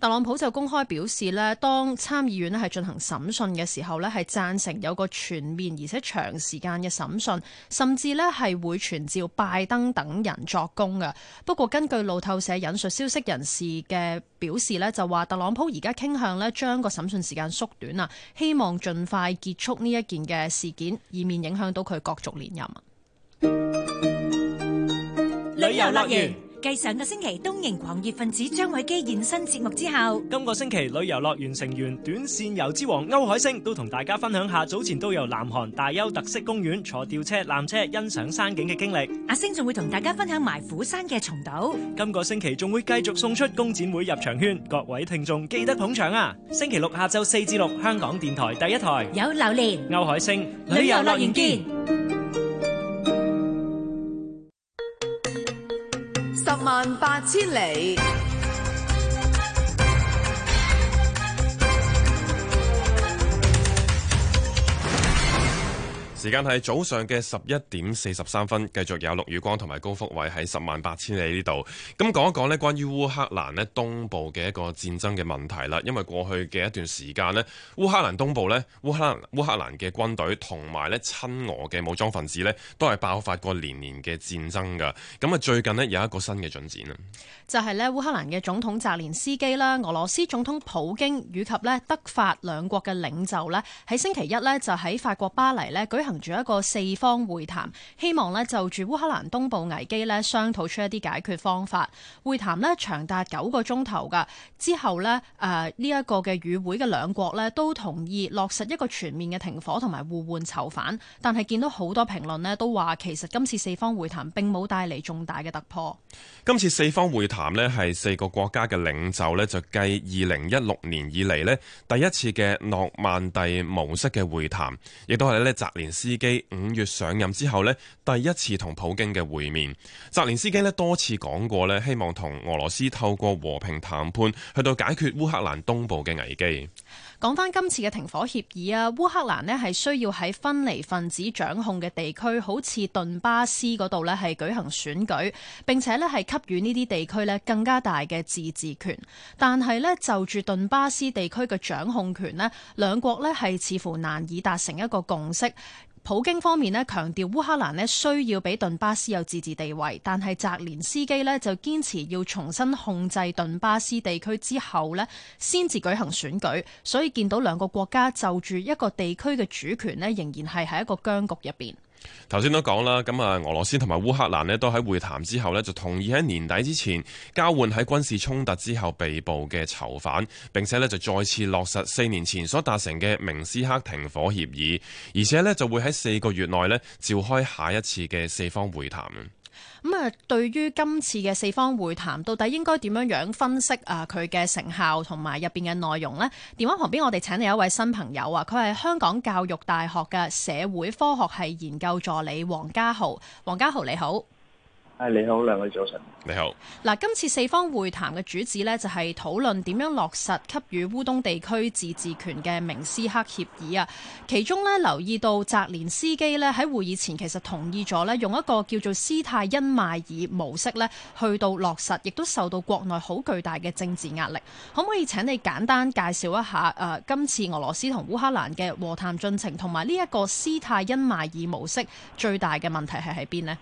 特朗普就公開表示咧，當參議院咧係進行審訊嘅時候咧，係贊成有個全面而且長時間嘅審訊，甚至咧係會傳召拜登等人作供嘅。不過根據路透社引述消息人士嘅表示咧，就話特朗普而家傾向咧將個審訊時間縮短啊，希望。盡快結束呢一件嘅事件，以免影響到佢角逐連任。旅遊樂園。繼上個星期東瀛狂熱分子張偉基現身節目之後，今個星期旅遊樂園成員短線遊之王歐海星都同大家分享下早前都由南韓大邱特色公園坐吊車纜車欣賞山景嘅經歷。阿星仲會同大家分享埋釜山嘅松島。今個星期仲會繼續送出公展會入場券，各位聽眾記得捧場啊！星期六下晝四至六，香港電台第一台有榴蓮，歐海星旅遊樂園見。萬八千里。時間係早上嘅十一點四十三分，繼續有陸宇光同埋高福偉喺十萬八千里呢度。咁講一講咧，關於烏克蘭咧東部嘅一個戰爭嘅問題啦。因為過去嘅一段時間呢烏克蘭東部咧，烏克蘭烏克蘭嘅軍隊同埋咧親俄嘅武裝分子呢，都係爆發過連年嘅戰爭㗎。咁啊，最近呢，有一個新嘅進展啦，就係呢烏克蘭嘅總統澤連斯基啦，俄羅斯總統普京以及呢德法兩國嘅領袖呢，喺星期一呢就喺法國巴黎咧舉行住一個四方會談，希望呢就住烏克蘭東部危機呢商討出一啲解決方法。會談呢長達九個鐘頭噶之後呢誒呢一個嘅與會嘅兩國呢都同意落實一個全面嘅停火同埋互換囚犯。但係見到好多評論呢都話，其實今次四方會談並冇帶嚟重大嘅突破。今次四方會談呢係四個國家嘅領袖呢就繼二零一六年以嚟呢第一次嘅諾曼底模式嘅會談，亦都係呢。司機五月上任之後咧，第一次同普京嘅會面。澤連斯基咧，多次講過咧，希望同俄羅斯透過和平談判去到解決烏克蘭東部嘅危機。講翻今次嘅停火協議啊，烏克蘭咧係需要喺分離分子掌控嘅地區，好似頓巴斯嗰度咧係舉行選舉，並且咧係給予呢啲地區咧更加大嘅自治權。但係咧就住頓巴斯地區嘅掌控權咧，兩國咧係似乎難以達成一個共識。普京方面咧強調，烏克蘭咧需要俾頓巴斯有自治地位，但係澤連斯基咧就堅持要重新控制頓巴斯地區之後咧先至舉行選舉，所以見到兩個國家就住一個地區嘅主權咧仍然係喺一個僵局入邊。頭先都講啦，咁啊俄羅斯同埋烏克蘭呢都喺會談之後呢就同意喺年底之前交換喺軍事衝突之後被捕嘅囚犯，並且呢就再次落實四年前所達成嘅明斯克停火協議，而且呢，就會喺四個月內呢召開下一次嘅四方會談。咁啊、嗯，對於今次嘅四方會談到底應該點樣樣分析啊？佢、呃、嘅成效同埋入邊嘅內容咧？電話旁邊我哋請嚟一位新朋友啊！佢係香港教育大學嘅社會科學系研究助理黃家豪。黃家豪你好。係你好，兩位早晨。你好。嗱，今次四方會談嘅主旨呢，就係討論點樣落實給予烏東地區自治權嘅明斯克協議啊。其中呢，留意到澤連斯基呢，喺會議前其實同意咗用一個叫做斯泰因邁爾模式去到落實，亦都受到國內好巨大嘅政治壓力。可唔可以請你簡單介紹一下，呃，今次俄羅斯同烏克蘭嘅和談進程，同埋呢一個斯泰因邁爾模式最大嘅問題係喺邊呢？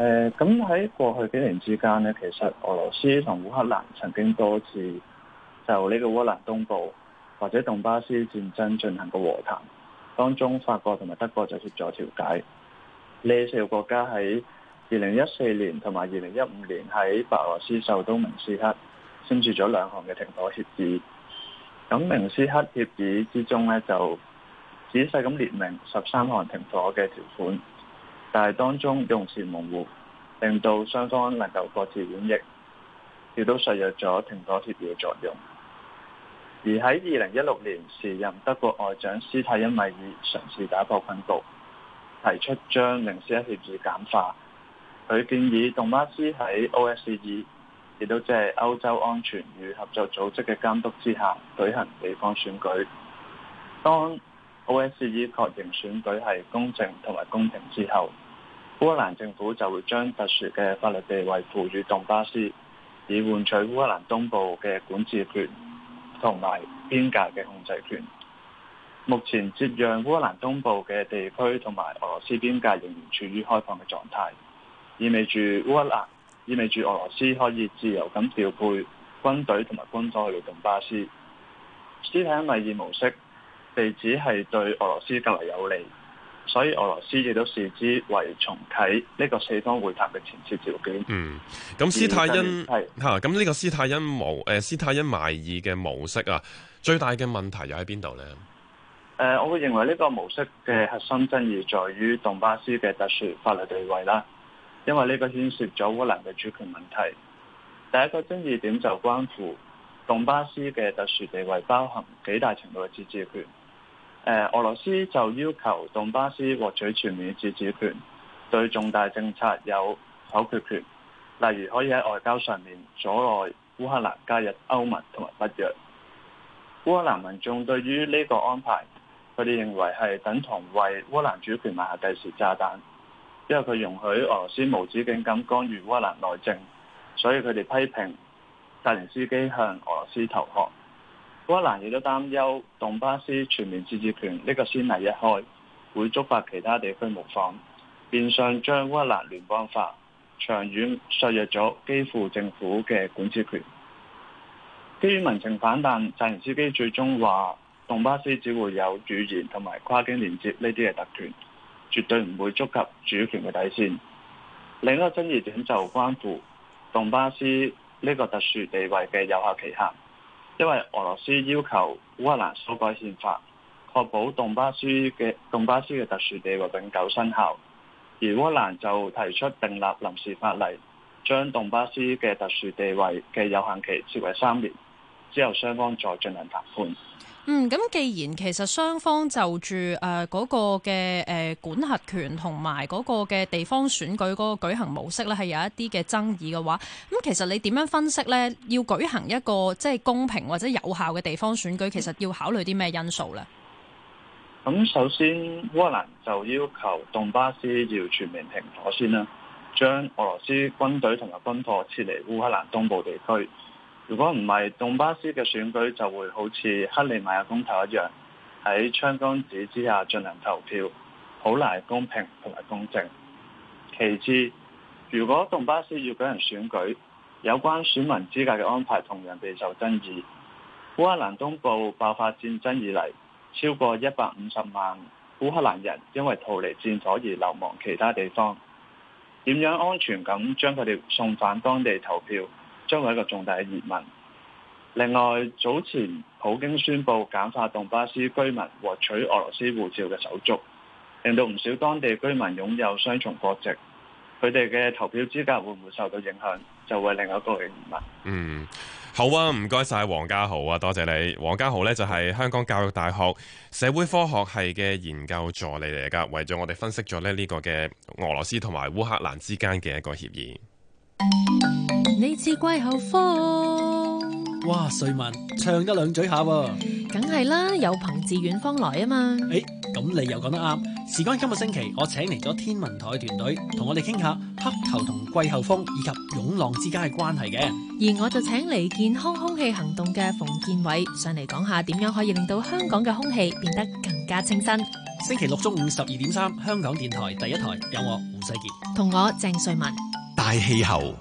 誒，咁喺、呃、過去幾年之間咧，其實俄羅斯同烏克蘭曾經多次就呢個烏克蘭東部或者頓巴斯戰爭進行過和談，當中法國同埋德國就協助調解。呢四個國家喺二零一四年同埋二零一五年喺白俄羅斯首都明斯克簽署咗兩項嘅停火協議。咁明斯克協議之中咧就仔細咁列明十三項停火嘅條款。但係當中用詞模糊，令到雙方能夠各自演繹，亦都削弱咗停火協議嘅作用。而喺二零一六年，時任德國外長斯泰因米爾嘗試打破困局，提出將明斯克協議簡化。佢建議動巴斯喺 OSCE，亦都即係歐洲安全與合作組織嘅監督之下舉行地方選舉。當 OSCE 確認選舉係公正同埋公平之後，烏克蘭政府就會將特殊嘅法律地位賦予頓巴斯，以換取烏克蘭東部嘅管治權同埋邊界嘅控制權。目前，接壤烏克蘭東部嘅地區同埋俄羅斯邊界仍然處於開放嘅狀態，意味住烏克蘭意味住俄羅斯可以自由咁調配軍隊同埋軍裝去到頓巴斯。斯底下貿易模式。地址係對俄羅斯較為有利，所以俄羅斯亦都視之為重啟呢個四方會談嘅前設條件。嗯，咁斯泰因係咁呢個斯泰因模，誒、呃、斯泰因邁爾嘅模式啊，最大嘅問題又喺邊度呢、呃？我會認為呢個模式嘅核心爭議在於東巴斯嘅特殊法律地位啦，因為呢個牽涉咗烏克蘭嘅主權問題。第一個爭議點就關乎東巴斯嘅特殊地位包含幾大程度嘅自治權。俄羅斯就要求頓巴斯獲取全面自治權，對重大政策有否決權，例如可以喺外交上面阻礙烏克蘭加入歐盟同埋北約。烏克蘭民眾對於呢個安排，佢哋認為係等同為烏克蘭主權埋下定時炸彈，因為佢容許俄羅斯無止境咁干預烏克蘭內政，所以佢哋批評澤連斯基向俄羅斯投降。烏克蘭亦都擔憂頓巴斯全面自治權呢個先例一開，會觸發其他地區模仿，變相將烏克蘭聯邦法長遠削弱咗基輔政府嘅管治權。基於民情反彈，澤連斯基最終話，頓巴斯只會有語言同埋跨境連接呢啲嘅特權，絕對唔會觸及主權嘅底線。另一個爭議點就關乎頓巴斯呢個特殊地位嘅有效期限。因為俄羅斯要求烏克蘭修改憲法，確保頓巴斯嘅頓巴斯嘅特殊地位永久生效，而烏克蘭就提出訂立臨時法例，將頓巴斯嘅特殊地位嘅有限期設為三年，之後雙方再進行談判。嗯，咁既然其實雙方就住誒、呃那個嘅誒、呃、管轄權同埋嗰個嘅地方選舉嗰個舉行模式咧，係有一啲嘅爭議嘅話，咁、那個、其實你點樣分析咧？要舉行一個即係公平或者有效嘅地方選舉，其實要考慮啲咩因素咧？咁、嗯、首先，烏克蘭就要求頓巴斯要全面停火先啦，將俄羅斯軍隊同埋軍火撤離烏克蘭東部地區。如果唔係，東巴斯嘅選舉就會好似克里米亞公投一樣，喺槍桿子之下進行投票，好難公平同埋公正。其次，如果東巴斯要舉行選舉，有關選民資格嘅安排同樣備受爭議。烏克蘭東部爆發戰爭以嚟，超過一百五十萬烏克蘭人因為逃離戰火而流亡其他地方，點樣安全咁將佢哋送返當地投票？將為一個重大嘅疑問。另外，早前普京宣布簡化頓巴斯居民獲取俄羅斯護照嘅手續，令到唔少當地居民擁有雙重國籍，佢哋嘅投票資格會唔會受到影響，就會另一個疑問。嗯，好啊，唔該晒王家豪啊，多謝你。王家豪呢，就係香港教育大學社會科學系嘅研究助理嚟噶，為咗我哋分析咗咧呢個嘅俄羅斯同埋烏克蘭之間嘅一個協議。嗯你似季候風？哇！瑞文唱得兩嘴下喎，梗係啦，有朋自遠方來啊嘛。誒，咁你又講得啱。事關今個星期，我請嚟咗天文台嘅團隊同我哋傾下黑球同季候風以及湧浪之間嘅關係嘅。而我就請嚟健康空氣行動嘅馮建偉上嚟講下，點樣可以令到香港嘅空氣變得更加清新。星期六中午十二點三，香港電台第一台有我胡世杰同我鄭瑞文大氣候。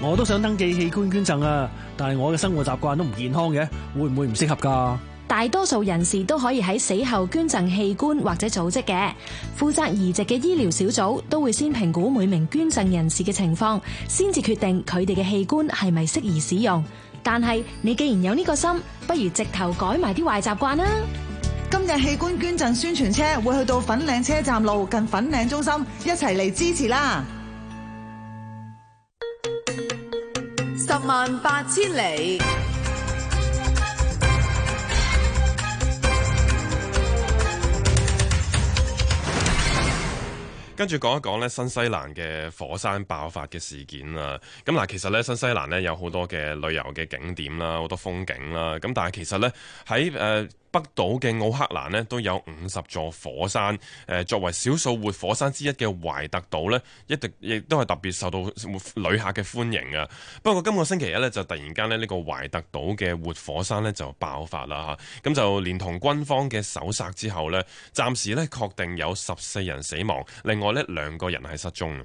我都想登記器官捐贈啊，但係我嘅生活習慣都唔健康嘅，會唔會唔適合㗎？大多數人士都可以喺死後捐贈器官或者組織嘅。負責移植嘅醫療小組都會先評估每名捐贈人士嘅情況，先至決定佢哋嘅器官係咪適宜使用。但係你既然有呢個心，不如直頭改埋啲壞習慣啦。今日器官捐贈宣傳車會去到粉嶺車站路近粉嶺中心，一齊嚟支持啦！十萬八千里，跟住講一講咧，新西蘭嘅火山爆發嘅事件啦。咁嗱，其實咧，新西蘭咧，有好多嘅旅遊嘅景點啦，好多風景啦。咁但係其實咧喺誒。呃北島嘅奧克蘭咧都有五十座火山，誒，作為少數活火山之一嘅懷特島咧，一定亦都係特別受到旅客嘅歡迎啊。不過今個星期一咧就突然間咧呢個懷特島嘅活火山咧就爆發啦吓，咁就連同軍方嘅搜索之後咧，暫時咧確定有十四人死亡，另外咧兩個人係失蹤。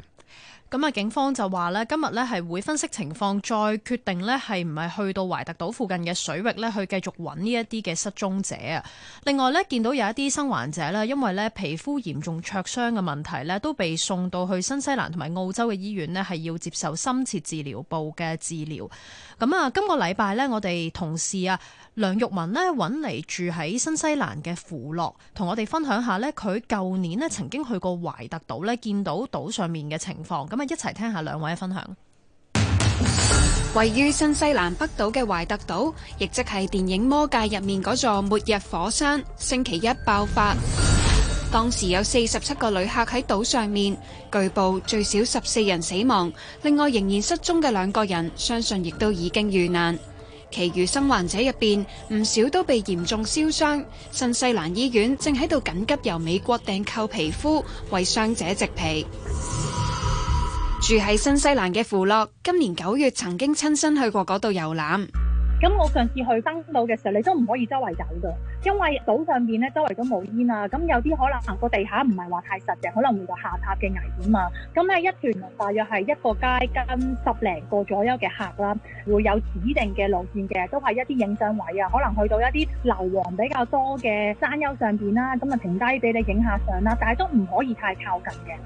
咁啊，警方就話咧，今日咧係會分析情況，再決定咧係唔係去到懷特島附近嘅水域咧，去繼續揾呢一啲嘅失蹤者。另外咧，見到有一啲生還者咧，因為咧皮膚嚴重灼傷嘅問題咧，都被送到去新西蘭同埋澳洲嘅醫院咧，係要接受深切治療部嘅治療。咁啊，今個禮拜咧，我哋同事啊，梁玉文咧揾嚟住喺新西蘭嘅芙樂，同我哋分享一下咧，佢舊年咧曾經去過懷特島咧，見到島上面嘅情況咁。一齊聽下兩位嘅分享。位於新西蘭北島嘅懷特島，亦即係電影《魔界》入面嗰座末日火山，星期一爆發。當時有四十七個旅客喺島上面，據報最少十四人死亡。另外仍然失蹤嘅兩個人，相信亦都已經遇難。其餘生還者入邊，唔少都被嚴重燒傷。新西蘭醫院正喺度緊急由美國訂購皮膚，為傷者植皮。住喺新西蘭嘅富樂，今年九月曾經親身去過嗰度遊覽。咁我上次去登島嘅時候，你都唔可以周圍走噶，因為島上邊咧周圍都冇煙啊。咁有啲可能行過地下唔係話太實嘅，可能會有下塌嘅危險啊。咁咧一團大約係一個街跟十零個左右嘅客啦，會有指定嘅路綫嘅，都係一啲影相位啊，可能去到一啲硫磺比較多嘅山丘上邊啦，咁啊停低俾你影下相啦，但係都唔可以太靠近嘅。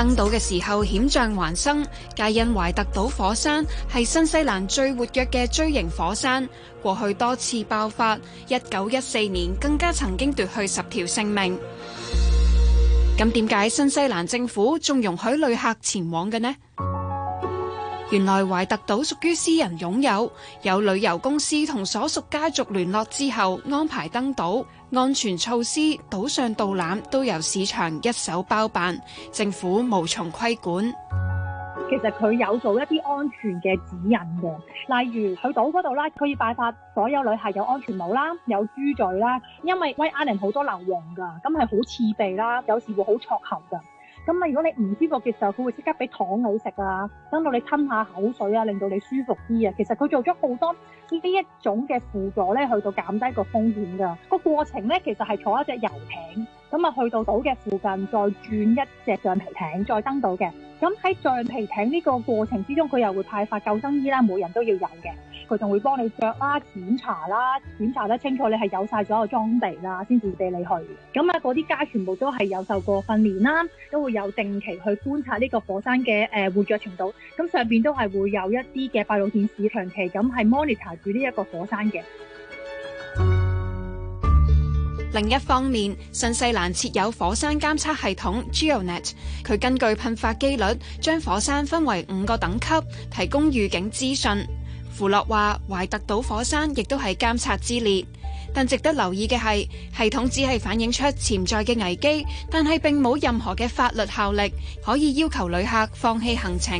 登島嘅時候險象環生，皆因懷特島火山係新西蘭最活躍嘅錐形火山，過去多次爆發，一九一四年更加曾經奪去十條性命。咁點解新西蘭政府仲容許旅客前往嘅呢？原來懷特島屬於私人擁有，有旅遊公司同所屬家族聯絡之後安排登島。安全措施、島上導覽都由市場一手包辦，政府無從規管。其實佢有做一啲安全嘅指引嘅，例如去島嗰度啦，佢要派發所有旅客有安全帽啦，有豬嘴啦，因為威亞寧好多硫磺㗎，咁係好刺鼻啦，有時會好灼喉㗎。咁啊！如果你唔舒服嘅時候，佢會即刻俾糖你食啊，等到你吞下口水啊，令到你舒服啲啊。其實佢做咗好多呢一種嘅輔助咧，去到減低個風險㗎。個過程咧，其實係坐一隻遊艇，咁啊去到島嘅附近，再轉一隻橡皮艇，再登島嘅。咁喺橡皮艇呢個過程之中，佢又會派發救生衣啦，每人都要有嘅。佢仲會幫你着啦、啊，檢查啦、啊，檢查得清楚，你係有晒所有裝備啦、啊，先至俾你去嘅。咁啊，嗰啲家全部都係有受過訓練啦、啊，都會有定期去觀察呢個火山嘅誒活躍程度。咁上邊都係會有一啲嘅閉路電視長期咁係 monitor 住呢一個火山嘅。另一方面，新西蘭設有火山監測系統 GeoNet，佢根據噴發機率將火山分為五個等級，提供預警資訊。弗洛話，懷特島火山亦都係監察之列，但值得留意嘅係，系統只係反映出潛在嘅危機，但係並冇任何嘅法律效力，可以要求旅客放棄行程。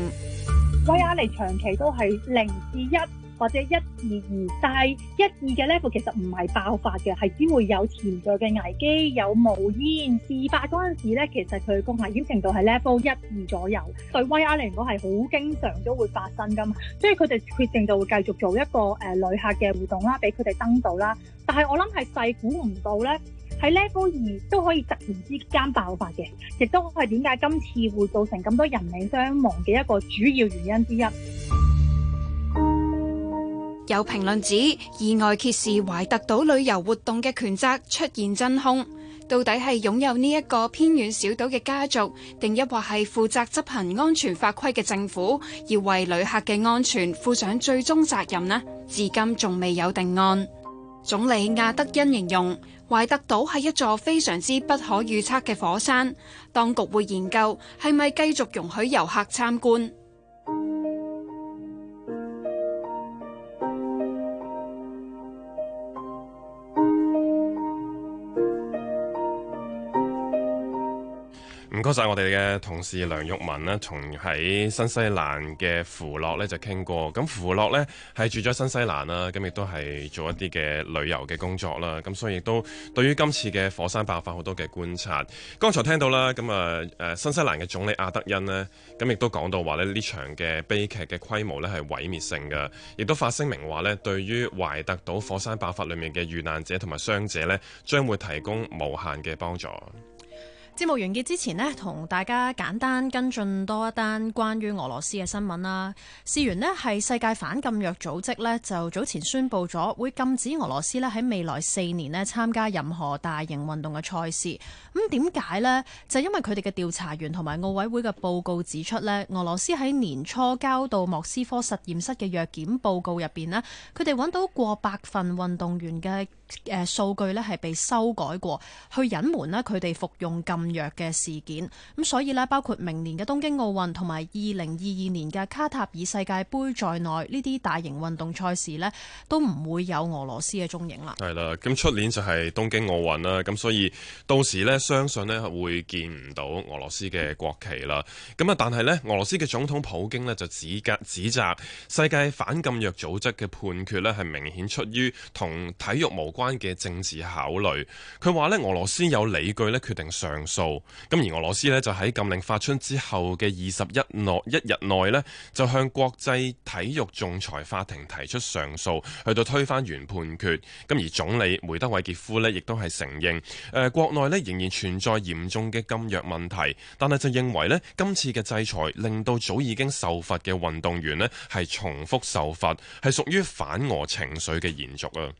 威亞尼長期都係零至一，或者一、二而低，一、二嘅 level 其實唔係爆發嘅，係只會有潛在嘅危機，有冒煙。事發嗰陣時咧，其實佢嘅危險程度係 level 一、二左右。對威亞嚟講係好經常都會發生㗎嘛，所以佢哋決定就會繼續做一個誒、呃、旅客嘅活動啦，俾佢哋登島啦。但係我諗係細估唔到咧，喺 level 二都可以突然之間爆發嘅，亦都係點解今次會造成咁多人命傷亡嘅一個主要原因之一。有評論指意外揭示懷特島旅遊活動嘅權責出現真空，到底係擁有呢一個偏遠小島嘅家族，定抑或係負責執行安全法規嘅政府，要為旅客嘅安全負上最終責任呢？至今仲未有定案。總理亞德恩形容懷特島係一座非常之不可預測嘅火山，當局會研究係咪繼續容許遊客參觀。多謝我哋嘅同事梁玉文呢，同喺新西蘭嘅符樂呢就傾過。咁符樂呢係住咗新西蘭啦，咁亦都係做一啲嘅旅遊嘅工作啦。咁所以亦都對於今次嘅火山爆發好多嘅觀察。剛才聽到啦，咁啊誒新西蘭嘅總理阿德恩呢，咁亦都講到話呢呢場嘅悲劇嘅規模呢係毀滅性嘅，亦都發聲明話呢對於懷特島火山爆發裏面嘅遇難者同埋傷者呢，將會提供無限嘅幫助。節目完結之前呢，同大家簡單跟進多一單關於俄羅斯嘅新聞啦。事緣呢係世界反禁藥組織呢就早前宣布咗會禁止俄羅斯呢喺未來四年呢參加任何大型運動嘅賽事。咁點解呢？就是、因為佢哋嘅調查員同埋奧委會嘅報告指出呢，俄羅斯喺年初交到莫斯科實驗室嘅藥檢報告入邊呢，佢哋揾到過百份運動員嘅。誒數據呢係被修改過去隱瞞呢，佢哋服用禁藥嘅事件，咁所以呢，包括明年嘅東京奧運同埋二零二二年嘅卡塔爾世界杯在內呢啲大型運動賽事呢，都唔會有俄羅斯嘅蹤影啦。係啦，咁出年就係東京奧運啦，咁所以到時呢，相信呢，會見唔到俄羅斯嘅國旗啦。咁啊，但係呢，俄羅斯嘅總統普京呢，就指責指責世界反禁藥組織嘅判決呢，係明顯出於同體育無關。關嘅政治考慮，佢話呢，俄羅斯有理據咧，決定上訴。咁而俄羅斯呢，就喺禁令發出之後嘅二十一內一日內呢，就向國際體育仲裁法庭提出上訴，去到推翻原判決。咁而總理梅德韋傑夫呢，亦都係承認，誒、呃，國內咧仍然存在嚴重嘅禁藥問題，但係就認為呢，今次嘅制裁令到早已經受罰嘅運動員呢，係重複受罰，係屬於反俄情緒嘅延續啊。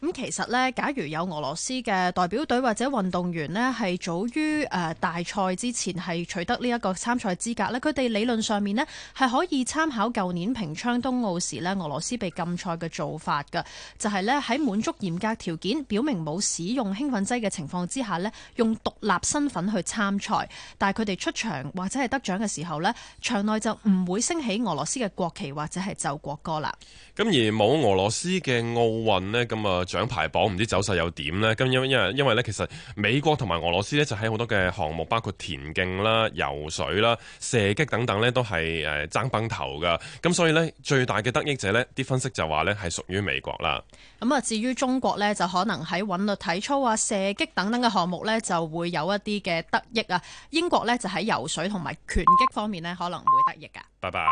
咁其實呢，假如有俄羅斯嘅代表隊或者運動員呢，係早於誒大賽之前係取得呢一個參賽資格咧，佢哋理論上面呢，係可以參考舊年平昌冬奧時呢俄羅斯被禁賽嘅做法㗎，就係呢，喺滿足嚴格條件、表明冇使用興奮劑嘅情況之下呢，用獨立身份去參賽，但係佢哋出場或者係得獎嘅時候呢，場內就唔會升起俄羅斯嘅國旗或者係奏國歌啦。咁而冇俄羅斯嘅奧運呢，咁啊～獎牌榜唔知走勢又點呢？咁因因為因為咧，其實美國同埋俄羅斯咧，就喺好多嘅項目，包括田徑啦、游水啦、射擊等等咧，都係誒、呃、爭崩頭噶。咁所以呢，最大嘅得益者呢，啲分析就話呢，係屬於美國啦。咁啊、嗯，至於中國呢，就可能喺韻律體操啊、射擊等等嘅項目呢，就會有一啲嘅得益啊。英國呢，就喺游水同埋拳擊方面呢，可能會得益噶。拜拜。